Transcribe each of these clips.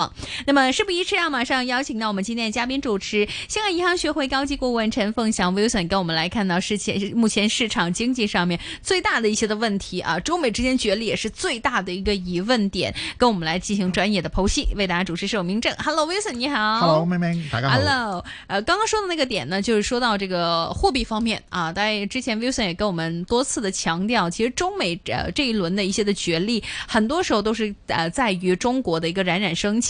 好那麼事不宜遲啊，馬上邀請到我們今天的嘉賓主持，香港銀行學會高級顧問陳鳳翔 Wilson，跟我們來看到是前目前市場經濟上面最大的一些的問題啊，中美之間決裂也是最大的一個疑問點，跟我們來進行專業的剖析，為大家主持是有明正，Hello Wilson 你好，Hello 妹妹大家好，Hello，呃，剛剛說的那個點呢，就是說到這個貨幣方面啊，大家之前 Wilson 也跟我們多次的強調，其實中美這、呃、這一輪的一些的角力，很多時候都是呃在於中國的一個冉冉升起。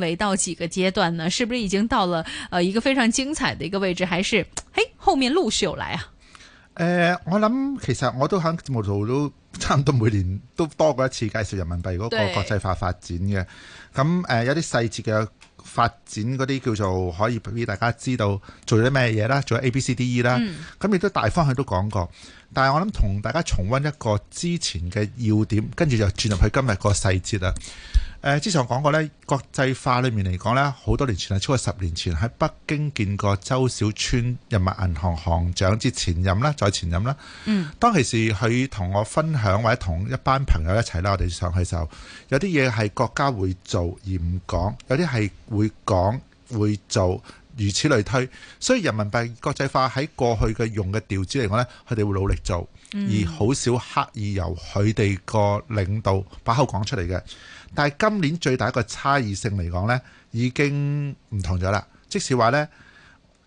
維到幾個階段呢？是不是已經到了？誒、呃，一個非常精彩的一個位置，還是，嘿、哎，後面陸續有來啊？誒、呃，我諗其實我都喺節目度都差唔多每年都多過一次介紹人民幣嗰個國際化發展嘅。咁誒對、呃，有啲細節嘅發展，嗰啲叫做可以俾大家知道做咗咩嘢啦，做咗 A、B、C、D、E 啦。咁亦、嗯、都大方向都講過，但係我諗同大家重溫一個之前嘅要點，跟住就轉入去今日個細節啦。誒，之前我講過咧，國際化裏面嚟講咧，好多年前係超過十年前喺北京見過周小川人民銀行行長之前任啦，再前任啦。嗯。當其時佢同我分享或者同一班朋友一齊啦，我哋上去時候，有啲嘢係國家會做而唔講，有啲係會講會做，如此類推。所以人民幣國際化喺過去嘅用嘅調子嚟講咧，佢哋會努力做，而好少刻意由佢哋個領導把口講出嚟嘅。但係今年最大一個差異性嚟講呢，已經唔同咗啦。即使話呢，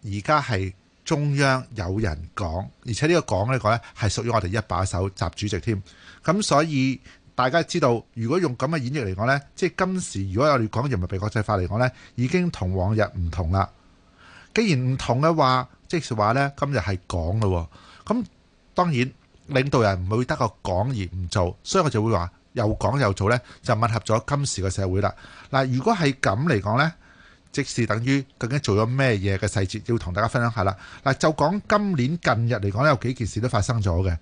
而家係中央有人講，而且呢個講呢個呢係屬於我哋一把手習主席添。咁所以大家知道，如果用咁嘅演繹嚟講呢，即係今時，如果我哋講人民幣國際化嚟講呢，已經同往日唔同啦。既然唔同嘅話，即使話呢今日係講嘅喎。咁當然領導人唔會得個講而唔做，所以我就會話，又講又做呢，就吻合咗今時嘅社會啦。嗱，如果係咁嚟講呢，即是等於究竟做咗咩嘢嘅細節，要同大家分享下啦。嗱，就講今年近日嚟講，有幾件事都發生咗嘅。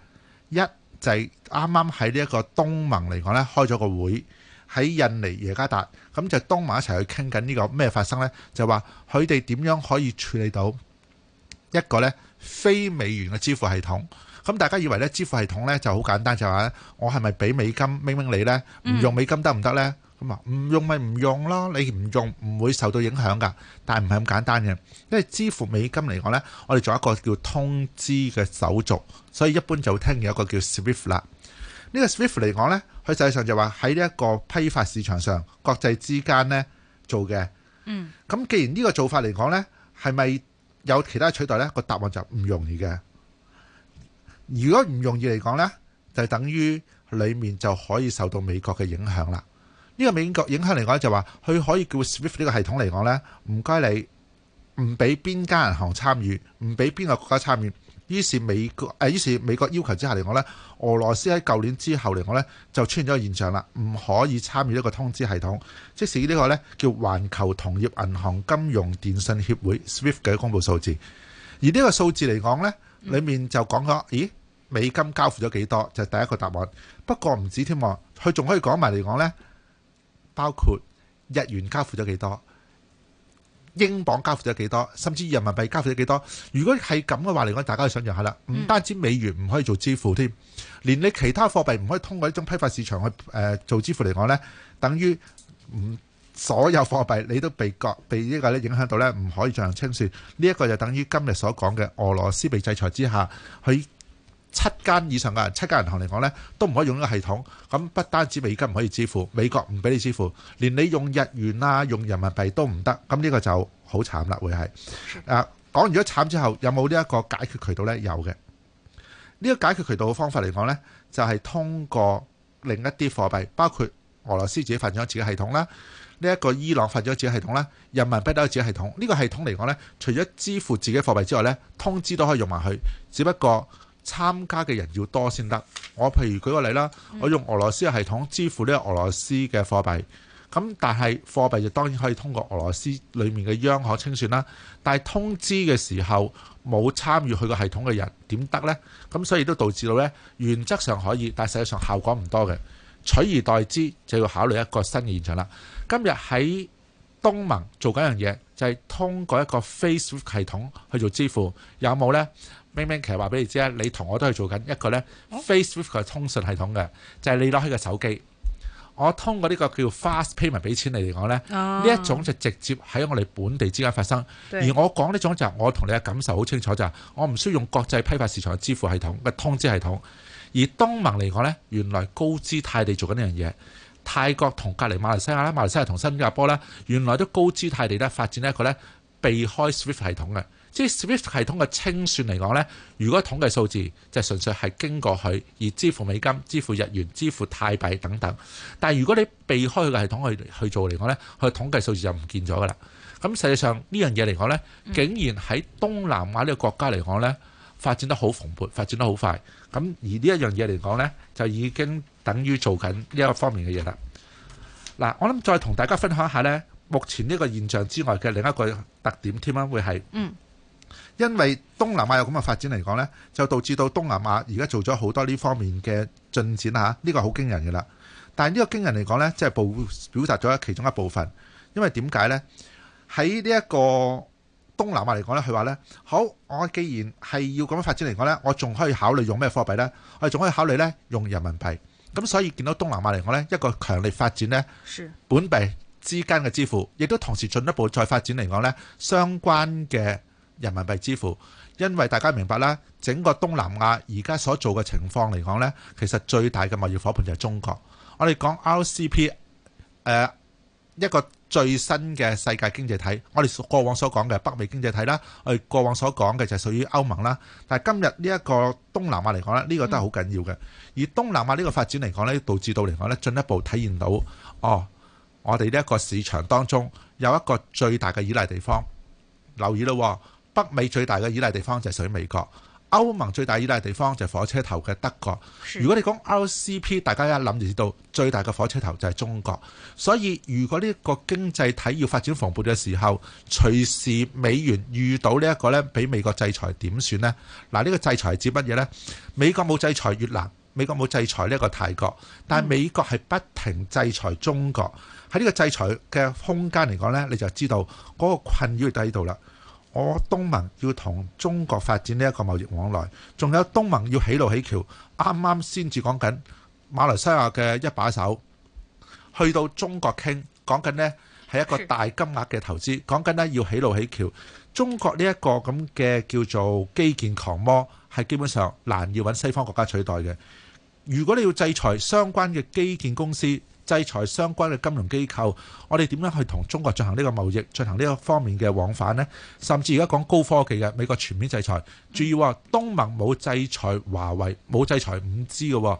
一就係啱啱喺呢一個東盟嚟講呢，開咗個會喺印尼耶加達，咁就東盟一齊去傾緊呢個咩發生呢？就話佢哋點樣可以處理到一個呢非美元嘅支付系統。咁大家以為咧支付系統咧就好簡單，就話咧我係咪俾美金明明你呢，唔用美金得唔得呢？咁啊唔用咪唔用咯，你唔用唔會受到影響噶。但係唔係咁簡單嘅，因為支付美金嚟講呢，我哋做一個叫通知嘅手續，所以一般就聽住一個叫 Swift 啦。呢個 Swift 嚟講呢，佢實際上就話喺呢一個批發市場上，國際之間呢做嘅。嗯。咁既然呢個做法嚟講呢，係咪有其他取代呢？個答案就唔容易嘅。如果唔容易嚟講呢就等於裡面就可以受到美國嘅影響啦。呢、呢個美國影響嚟講就話，佢可以叫 SWIFT 呢個系統嚟講呢唔該你唔俾邊間銀行參與，唔俾邊個國家參與。於是美國誒於是美國要求之下嚟講呢俄羅斯喺舊年之後嚟講呢就出現咗個現象啦，唔可以參與呢個通知系統。即使呢個呢叫環球同業銀行金融電信協會 SWIFT 嘅公佈數字，而呢個數字嚟講呢裡面就講咗，咦、嗯？美金交付咗幾多，就係第一個答案。不過唔止添，佢仲可以講埋嚟講咧，包括日元交付咗幾多、英鎊交付咗幾多，甚至人民幣交付咗幾多。如果係咁嘅話嚟講，大家去想象下啦。唔單止美元唔可以做支付添，嗯、連你其他貨幣唔可以通過一種批發市場去誒做支付嚟講咧，等於唔所有貨幣你都被割被呢個咧影響到咧，唔可以進行清算。呢一個就等於今日所講嘅俄羅斯被制裁之下，佢。七間以上嘅人，七間銀行嚟講呢，都唔可以用呢個系統。咁不單止美金唔可以支付，美國唔俾你支付，連你用日元啊、用人民幣都唔得。咁呢個就好慘啦，會係啊。講完咗慘之後，有冇呢一個解決渠道呢？有嘅。呢個解決渠道嘅方法嚟講呢，就係通過另一啲貨幣，包括俄羅斯自己發展咗自己系統啦，呢一個伊朗發展咗自己系統啦，人民幣都有自己系統。呢個系統嚟講呢，除咗支付自己貨幣之外呢，通知都可以用埋去，只不過。參加嘅人要多先得。我譬如舉個例啦，我用俄羅斯嘅系統支付呢個俄羅斯嘅貨幣，咁但係貨幣就當然可以通過俄羅斯裡面嘅央行清算啦。但係通知嘅時候，冇參與佢個系統嘅人點得呢？咁所以都導致到呢，原則上可以，但係實際上效果唔多嘅。取而代之就要考慮一個新嘅現象啦。今日喺東盟做緊一樣嘢，就係、是、通過一個 Facebook 系統去做支付，有冇呢？明明其實話俾你知咧，你同我都係做緊一個呢、哦、非 Swift 嘅通訊系統嘅，就係、是、你攞起個手機，我通過呢個叫 FastPayment 俾錢你嚟講呢，呢、哦、一種就直接喺我哋本地之間發生。對而我講呢種就係我同你嘅感受好清楚，就係我唔需要用國際批發市場支付系統嘅通知系統。而東盟嚟講呢，原來高姿態地做緊呢樣嘢。泰國同隔籬馬來西亞啦，馬來西亞同新加坡啦，原來都高姿態地咧發展一個呢避開 Swift 系統嘅。即係 Swift 系統嘅清算嚟講呢，如果統計數字，就純粹係經過佢而支付美金、支付日元、支付泰幣等等。但係如果你避開佢嘅系統去去做嚟講呢，佢統計數字就唔見咗噶啦。咁實際上呢樣嘢嚟講呢，竟然喺東南亞呢個國家嚟講呢，發展得好蓬勃，發展得好快。咁而呢一樣嘢嚟講呢，就已經等於做緊呢一個方面嘅嘢啦。嗱，我諗再同大家分享一下呢，目前呢個現象之外嘅另一個特點添啊，會係嗯。因為東南亞有咁嘅發展嚟講呢，就導致到東南亞而家做咗好多呢方面嘅進展嚇。呢個好驚人嘅啦。但係呢個驚人嚟講呢，即係部表達咗其中一部分。因為點解呢？喺呢一個東南亞嚟講呢，佢話呢好，我既然係要咁樣發展嚟講呢，我仲可以考慮用咩貨幣呢？我仲可以考慮呢用人民幣咁，所以見到東南亞嚟講呢一個強力發展呢，本幣之間嘅支付，亦都同時進一步再發展嚟講呢相關嘅。人民幣支付，因為大家明白啦，整個東南亞而家所做嘅情況嚟講呢，其實最大嘅貿易伙伴就係中國。我哋講 RCEP，誒一個最新嘅世界經濟體。我哋過往所講嘅北美經濟體啦，我哋過往所講嘅就係屬於歐盟啦。但係今日呢一個東南亞嚟講呢，呢、這個都係好緊要嘅。而東南亞呢個發展嚟講呢，導致到嚟講呢，進一步體現到哦，我哋呢一個市場當中有一個最大嘅依賴地方。留意咯、哦。北美最大嘅依賴的地方就係屬於美國，歐盟最大依賴地方就係火車頭嘅德國。是如果你講 RCEP，大家一諗就知道最大嘅火車頭就係中國。所以如果呢個經濟體要發展防暴嘅時候，隨時美元遇到這呢一個咧，俾美國制裁點算呢？嗱、啊，呢、這個制裁係指乜嘢呢？美國冇制裁越南，美國冇制裁呢個個泰國，但係美國係不停制裁中國。喺呢個制裁嘅空間嚟講呢，你就知道嗰個困擾喺度啦。我、哦、東盟要同中國發展呢一個貿易往來，仲有東盟要起路起橋。啱啱先至講緊馬來西亞嘅一把手去到中國傾，講緊呢係一個大金額嘅投資，講緊呢要起路起橋。中國呢一個咁嘅叫做基建狂魔，係基本上難要揾西方國家取代嘅。如果你要制裁相關嘅基建公司，制裁相關嘅金融機構，我哋點樣去同中國進行呢個貿易、進行呢個方面嘅往返呢？甚至而家講高科技嘅美國全面制裁，注意喎、哦，東盟冇制裁華為、冇制裁五 G 嘅，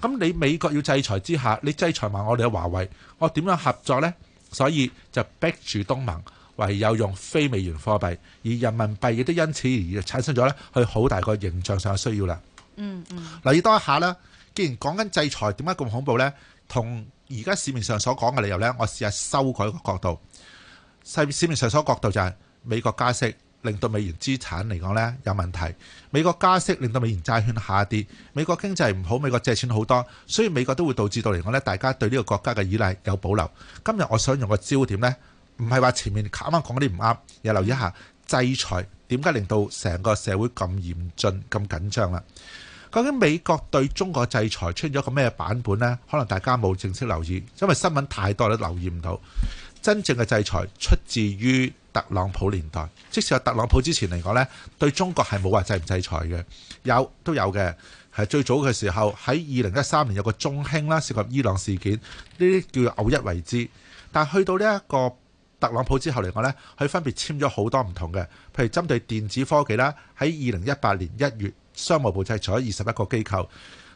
咁你美國要制裁之下，你制裁埋我哋嘅華為，我點樣合作呢？所以就逼住東盟唯有用非美元貨幣，而人民幣亦都因此而產生咗咧，佢好大個形象上嘅需要啦。嗯嗯，嗱，要多一下啦，既然講緊制裁點解咁恐怖呢？同而家市面上所講嘅理由呢，我試下修改個角度。世市面上所角度就係美國加息，令到美元資產嚟講呢有問題；美國加息令到美元債券下跌；美國經濟唔好，美國借錢好多，所以美國都會導致到嚟講呢，大家對呢個國家嘅依賴有保留。今日我想用個焦點呢，唔係話前面啱啱講啲唔啱，要留意一下制裁點解令到成個社會咁嚴峻、咁緊張啦。究竟美國對中國制裁出咗個咩版本呢？可能大家冇正式留意，因為新聞太多，都留意唔到。真正嘅制裁出自於特朗普年代，即使喺特朗普之前嚟講呢，對中國係冇話制唔制裁嘅，有都有嘅，係最早嘅時候喺二零一三年有個中興啦，涉及伊朗事件，呢啲叫做偶一為之。但係去到呢一個特朗普之後嚟講呢，佢分別簽咗好多唔同嘅，譬如針對電子科技啦，喺二零一八年一月。商務部製裁咗二十一個機構，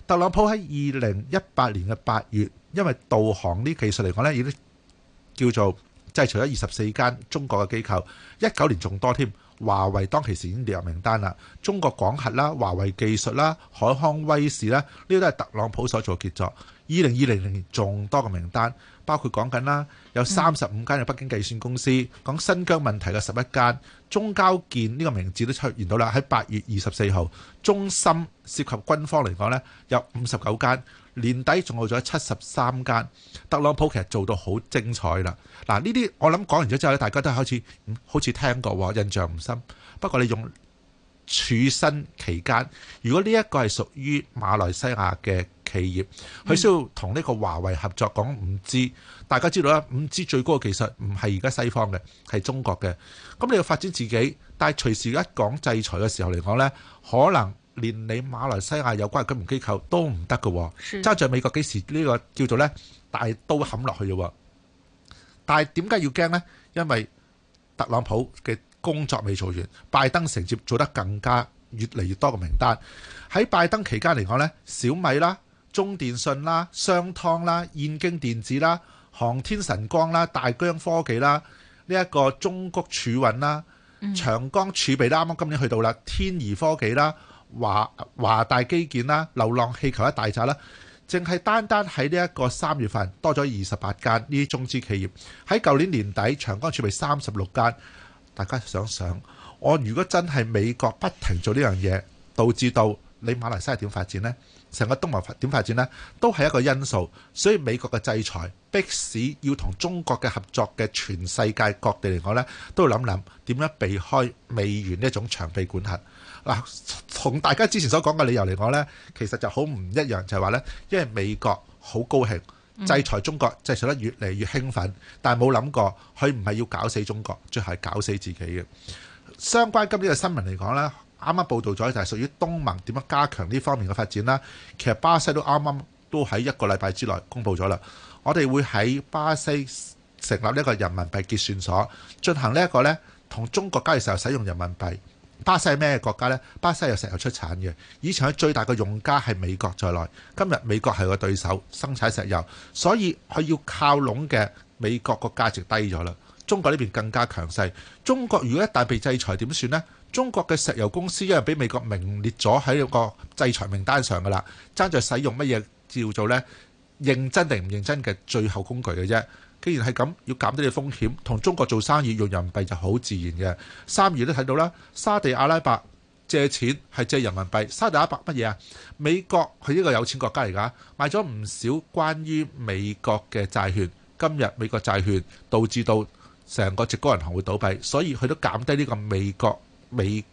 特朗普喺二零一八年嘅八月，因為導航呢技術嚟講呢，已經叫做製裁咗二十四間中國嘅機構。一九年仲多添，華為當其時已經列入名單啦。中國廣核啦、華為技術啦、海康威視啦，呢個都係特朗普所做嘅傑作。二零二零年仲多個名單，包括講緊啦，有三十五間嘅北京計算公司，講新疆問題嘅十一間，中交建呢個名字都出現到啦。喺八月二十四號，中芯涉及軍方嚟講呢，有五十九間，年底仲有咗七十三間。特朗普其實做到好精彩啦。嗱，呢啲我諗講完咗之後呢，大家都開始好似、嗯、聽過喎，印象唔深。不過你用處身期間，如果呢一個係屬於馬來西亞嘅。企業佢需要同呢個華為合作講五 G，大家知道咧，五 G 最高嘅技術唔係而家西方嘅，係中國嘅。咁你要發展自己，但係隨時一講制裁嘅時候嚟講咧，可能連你馬來西亞有關嘅金融機構都唔得嘅，揸住美國幾時呢個叫做咧大刀砍落去啫。但係點解要驚咧？因為特朗普嘅工作未做完，拜登承接做得更加越嚟越多嘅名單。喺拜登期間嚟講咧，小米啦。中電信啦、商湯啦、燕京電子啦、航天神光啦、大疆科技啦，呢、這、一個中谷儲運啦、嗯、長江儲備啦，啱啱今年去到啦，天宜科技啦、華大基建啦、流浪氣球一大扎啦，淨係單單喺呢一個三月份多咗二十八間呢啲中資企業，喺舊年年底長江儲備三十六間，大家想想，我如果真係美國不停做呢樣嘢，導致到你馬來西亞點發展呢？成個東盟發展發展咧，都係一個因素，所以美國嘅制裁迫使要同中國嘅合作嘅全世界各地嚟講咧，都要諗諗點樣避開美元呢一種長臂管轄。嗱，同大家之前所講嘅理由嚟講咧，其實就好唔一樣，就係話咧，因為美國好高興制裁中國，制裁得越嚟越興奮，但係冇諗過佢唔係要搞死中國，最後係搞死自己嘅。相關今天嘅新聞嚟講咧。啱啱報道咗就係屬於東盟點樣加強呢方面嘅發展啦。其實巴西都啱啱都喺一個禮拜之內公布咗啦。我哋會喺巴西成立一個人民幣結算所，進行呢一個呢同中國交易時候使用人民幣。巴西係咩國家呢？巴西有石油出產嘅，以前最大嘅用家係美國在內。今日美國係個對手生產石油，所以佢要靠攏嘅美國個價值低咗啦。中國呢邊更加強勢。中國如果一旦被制裁點算呢？中國嘅石油公司因為俾美國名列咗喺嗰個制裁名單上噶啦，爭在使用乜嘢叫做咧認真定唔認真嘅最後工具嘅啫。既然係咁，要減低啲風險同中國做生意用人民幣就好自然嘅。三月都睇到啦，沙地阿拉伯借錢係借人民幣。沙地阿拉伯乜嘢啊？美國佢係一個有錢國家嚟㗎，買咗唔少關於美國嘅債券。今日美國債券導致到成個矽谷銀行會倒閉，所以佢都減低呢個美國。美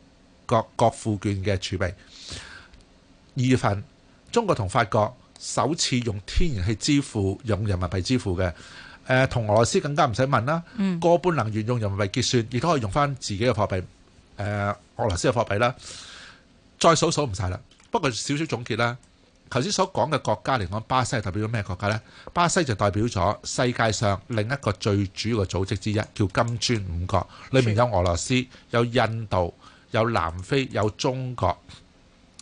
國國庫券嘅儲備，二月份中國同法國首次用天然氣支付，用人民幣支付嘅，誒、呃、同俄羅斯更加唔使問啦。嗯，過半能源用人民幣結算，亦都可以用翻自己嘅貨幣，誒、呃、俄羅斯嘅貨幣啦。再數數唔晒啦，不過少少總結啦。頭先所講嘅國家嚟講，巴西係代表咗咩國家呢？巴西就代表咗世界上另一個最主要嘅組織之一，叫金磚五國。裏面有俄羅斯，有印度，有南非，有中國。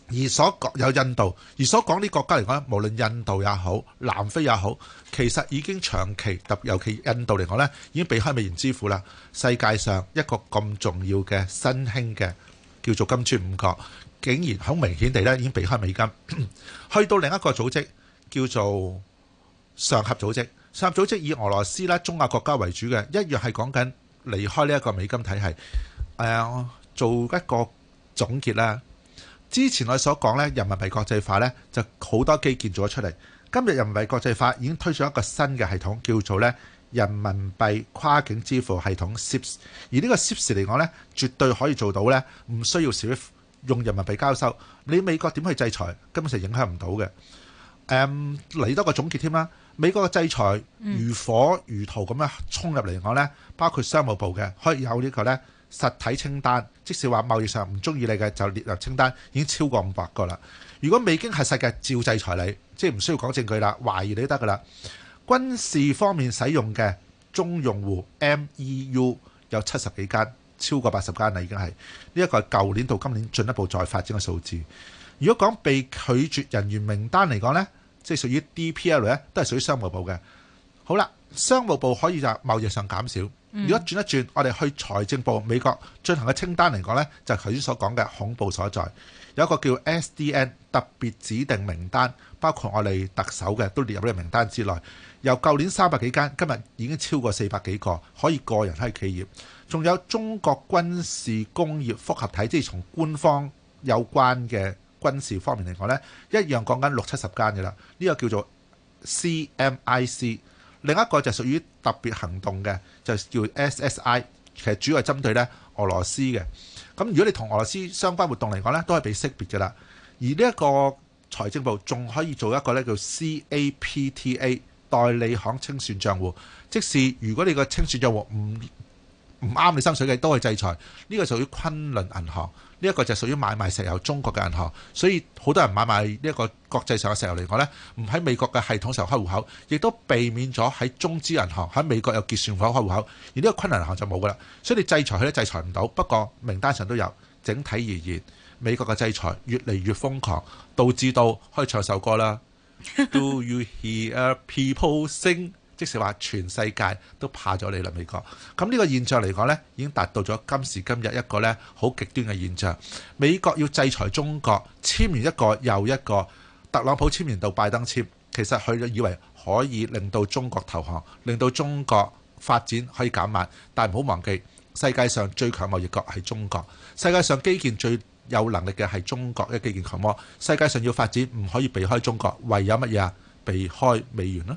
而所講有印度，而所講啲國家嚟講咧，無論印度也好，南非也好，其實已經長期特尤其印度嚟講咧，已經避開美元支付啦。世界上一個咁重要嘅新興嘅叫做金磚五國。竟然好明顯地咧，已經避開美金 去到另一個組織叫做上合組織。上合組織以俄羅斯啦、中亞國家為主嘅，一樣係講緊離開呢一個美金體系。誒、呃，做一個總結啦。之前我所講咧，人民幣國際化咧，就好多基建做咗出嚟。今日人民幣國際化已經推出了一個新嘅系統，叫做咧人民幣跨境支付系統 SIPS。Ips，而呢個 SIPS 嚟講咧，絕對可以做到咧，唔需要 Swift。用人民幣交收，你美國點去制裁根本就影響唔到嘅。誒，嚟多個總結添啦，美國嘅制裁如火如荼咁樣衝入嚟講呢，包括商務部嘅可以有呢個呢實體清單，即使話貿易上唔中意你嘅就列入清單，已經超過五百個啦。如果未經核實嘅照制裁你，即係唔需要講證據啦，懷疑你都得噶啦。軍事方面使用嘅終用戶 MEU 有七十幾間。超過八十間啦，已經係呢一個係舊年到今年進一步再發展嘅數字。如果講被拒絕人員名單嚟講呢，即係屬於 DPL 咧，都係屬於商務部嘅。好啦，商務部可以就貿易上減少。如果轉一轉，我哋去財政部美國進行嘅清單嚟講呢，就係頭先所講嘅恐怖所在，有一個叫 SDN 特別指定名單。包括我哋特首嘅都列入呢個名單之內，由舊年三百幾間，今日已經超過四百幾個，可以個人係企業，仲有中國軍事工業複合體，即係從官方有關嘅軍事方面嚟講咧，一樣講緊六七十間嘅啦。呢個叫做 C M I C，另一個就屬於特別行動嘅，就叫 S S I，其實主要係針對咧俄羅斯嘅。咁如果你同俄羅斯相關活動嚟講咧，都係被識別噶啦。而呢一個。財政部仲可以做一個咧叫 CAPTA，代理行清算帳戶，即使如果你個清算帳戶唔唔啱你心水嘅，都可以制裁。呢、這個屬於昆侖銀行，呢、這、一個就係屬於買賣石油中國嘅銀行。所以好多人買賣呢一個國際上嘅石油嚟講呢，唔喺美國嘅系統上開戶口，亦都避免咗喺中資銀行喺美國有結算戶口開戶口。而呢個昆侖銀行就冇噶啦，所以你制裁佢都制裁唔到。不過名單上都有。整體而言。美國嘅制裁越嚟越瘋狂，導致到可以唱首歌啦。 Do you hear people sing？即使話全世界都怕咗你啦，美國。咁呢個現象嚟講呢已經達到咗今時今日一個呢好極端嘅現象。美國要制裁中國，簽完一個又一個，特朗普簽完到拜登簽，其實佢以為可以令到中國投降，令到中國發展可以減慢，但係唔好忘記世界上最強貿易國係中國，世界上基建最有能力嘅係中國嘅基建狂魔，世界上要發展唔可以避開中國，唯有乜嘢啊？避開美元囉。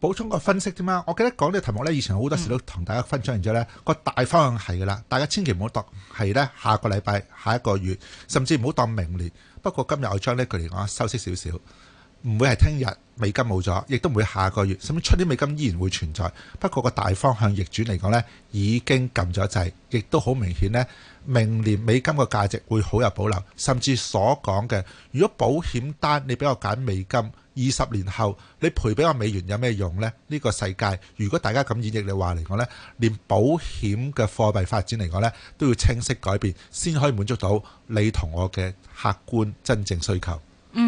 補充個分析啫嘛，我記得講呢個題目呢，以前好多時都同大家分享完之後咧，個、嗯、大方向係噶啦，大家千祈唔好當係呢下個禮拜、下一個月，甚至唔好當明年。不過今日我將呢句嚟講收息少少，唔會係聽日美金冇咗，亦都唔會下個月，甚至出年美金依然會存在。不過個大方向逆轉嚟講呢，已經撳咗掣，亦都好明顯呢，明年美金個價值會好有保留，甚至所講嘅，如果保險單你俾我揀美金。二十年後，你賠俾我美元有咩用呢？呢、呢個世界，如果大家咁演繹嘅話嚟講呢，連保險嘅貨幣發展嚟講呢都要清晰改變，先可以滿足到你同我嘅客觀真正需求。